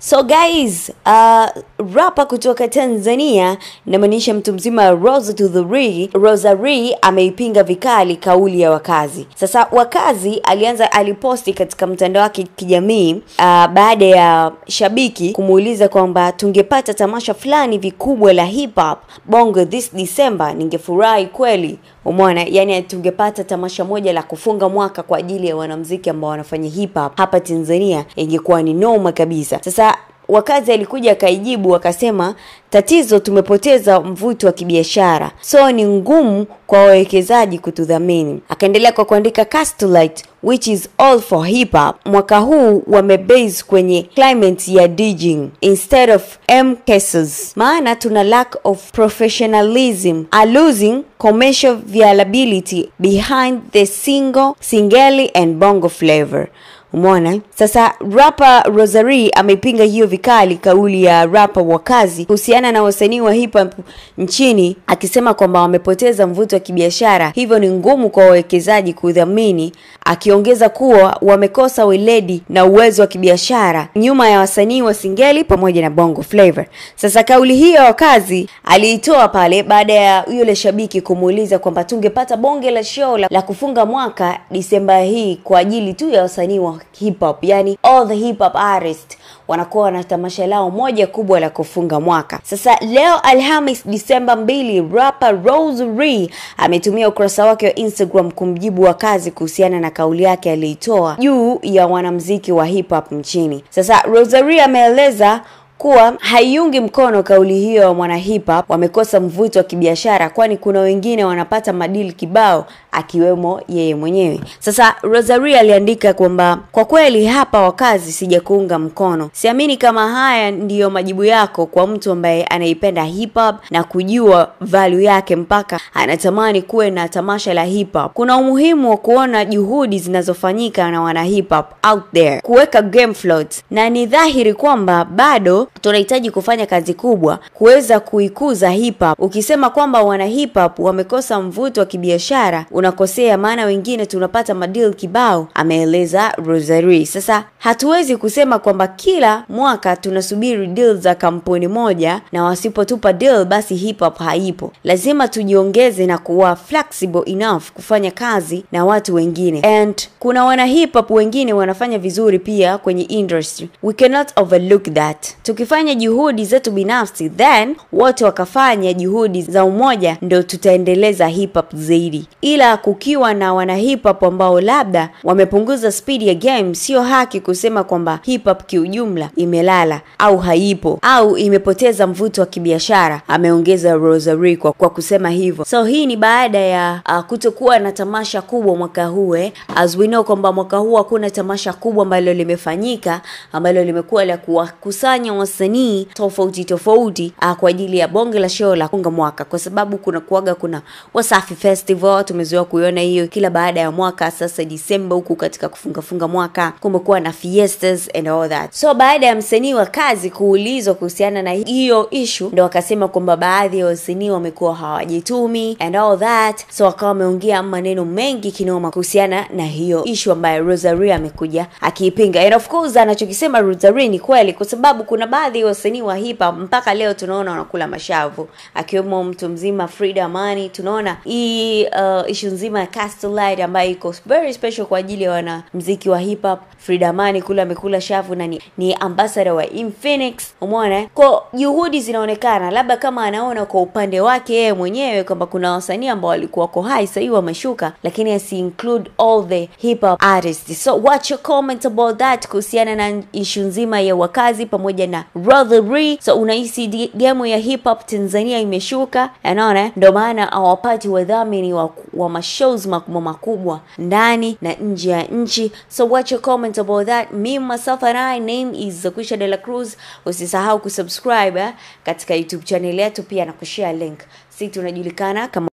So guys, uh, rapa kutoka Tanzania namaanisha mtu mzima Rosa to the Re, Rosa ameipinga vikali kauli ya wakazi. Sasa wakazi alianza aliposti katika mtandao wake kijamii uh, baada ya shabiki kumuuliza kwamba tungepata tamasha fulani vikubwa la hip hop Bongo this December, ningefurahi kweli. Umeona, yani tungepata tamasha moja la kufunga mwaka kwa ajili ya wanamziki ambao wanafanya hip hop hapa Tanzania, ingekuwa ni noma kabisa. Sasa Wakazi alikuja akaijibu akasema, tatizo tumepoteza mvuto wa kibiashara, so ni ngumu kwa wawekezaji kutudhamini. Akaendelea kwa kuandika Castlight, which is all for hip hop, mwaka huu wamebase kwenye climate ya DJing instead of m cases, maana tuna lack of professionalism are losing commercial viability behind the single singeli and bongo flavor Umeona? Sasa rapa Rosary ameipinga hiyo vikali kauli ya rapa Wakazi kuhusiana na wasanii wa hip hop nchini akisema kwamba wamepoteza mvuto wa kibiashara, hivyo ni ngumu kwa wawekezaji kudhamini, akiongeza kuwa wamekosa weledi na uwezo wa kibiashara nyuma ya wasanii wa Singeli pamoja na Bongo flavor Sasa kauli hii ya Wakazi aliitoa pale baada ya yule shabiki kumuuliza kwamba tungepata bonge la show la, la kufunga mwaka Disemba hii kwa ajili tu ya wasanii wa hip hop yani all the hip hop artist wanakuwa wana tamasha lao moja kubwa la kufunga mwaka sasa leo alhamis disemba 2 rapa rose re ametumia ukurasa wake wa instagram kumjibu wa kazi kuhusiana na kauli yake aliitoa juu ya wanamziki wa hip hop nchini sasa rosari ameeleza kuwa haiungi mkono kauli hiyo ya mwana hip hop wamekosa mvuto wa kibiashara, kwani kuna wengine wanapata madili kibao akiwemo yeye mwenyewe. Sasa Rosaria aliandika kwamba kwa kweli hapa wakazi, sijakuunga mkono, siamini kama haya ndiyo majibu yako kwa mtu ambaye anaipenda hip hop na kujua value yake mpaka anatamani kuwe na tamasha la hip hop. Kuna umuhimu wa kuona juhudi zinazofanyika na wana hip hop out there kuweka game float, na ni dhahiri kwamba bado tunahitaji kufanya kazi kubwa kuweza kuikuza hip hop. Ukisema kwamba wana hip hop wamekosa mvuto wa kibiashara, unakosea, maana wengine tunapata madeal kibao, ameeleza Rosary. Sasa Hatuwezi kusema kwamba kila mwaka tunasubiri deal za kampuni moja na wasipotupa deal basi hip hop haipo. Lazima tujiongeze na kuwa flexible enough kufanya kazi na watu wengine. And kuna wana hip hop wengine wanafanya vizuri pia kwenye industry. We cannot overlook that. Tukifanya juhudi zetu binafsi then wote wakafanya juhudi za umoja ndio tutaendeleza hip hop zaidi. Ila kukiwa na wana hip hop ambao labda wamepunguza speed ya game sio haki kusema kwamba hip hop kiujumla imelala au haipo au imepoteza mvuto wa kibiashara, ameongeza Rosary kwa, kwa kusema hivyo. So hii ni baada ya uh, kutokuwa na tamasha kubwa mwaka huu eh. As we know kwamba mwaka huu hakuna tamasha kubwa ambalo limefanyika ambalo limekuwa la kuwakusanya wasanii tofauti tofauti uh, kwa ajili ya bonge la show la kunga mwaka, kwa sababu kuna kuaga, kuna Wasafi Festival tumezoea kuiona hiyo kila baada ya mwaka. Sasa Disemba huku katika kufungafunga mwaka kumekuwa na fiestas and all that. So baada ya msanii wa kazi kuulizwa kuhusiana na hiyo ishu, ndo wakasema kwamba baadhi ya wasanii wamekuwa hawajitumi and all that, so wakawa wameongea maneno mengi kinoma kuhusiana na hiyo ishu ambayo rosari amekuja akiipinga, and of course anachokisema rosari ni kweli, kwa sababu kuna baadhi ya wasanii wa hipa mpaka leo tunaona wanakula mashavu, akiwemo mtu mzima Frida mani Tunaona hii uh, ishu nzima ya Castle ambayo iko very special kwa ajili ya wanamziki wa hip hop Frida zamani kule amekula shavu na ni, ni ambassador wa Infinix umeona kwa juhudi zinaonekana labda kama anaona kwa upande wake yeye mwenyewe kwamba kuna wasanii ambao walikuwa ko hai sahii wameshuka lakini asi include all the hip hop artists so watch your comment about that kuhusiana na ishu nzima ya wakazi pamoja na Rodri so unahisi game ya hip hop Tanzania imeshuka anaona ndio maana hawapati wadhamini wa wa mashows makubwa makubwa ndani na nje ya nchi so watch your comment about that me myself and I name is Zakwisha De La Cruz usisahau kusubscribe eh, katika youtube channel yetu pia na kushare link si tunajulikana kama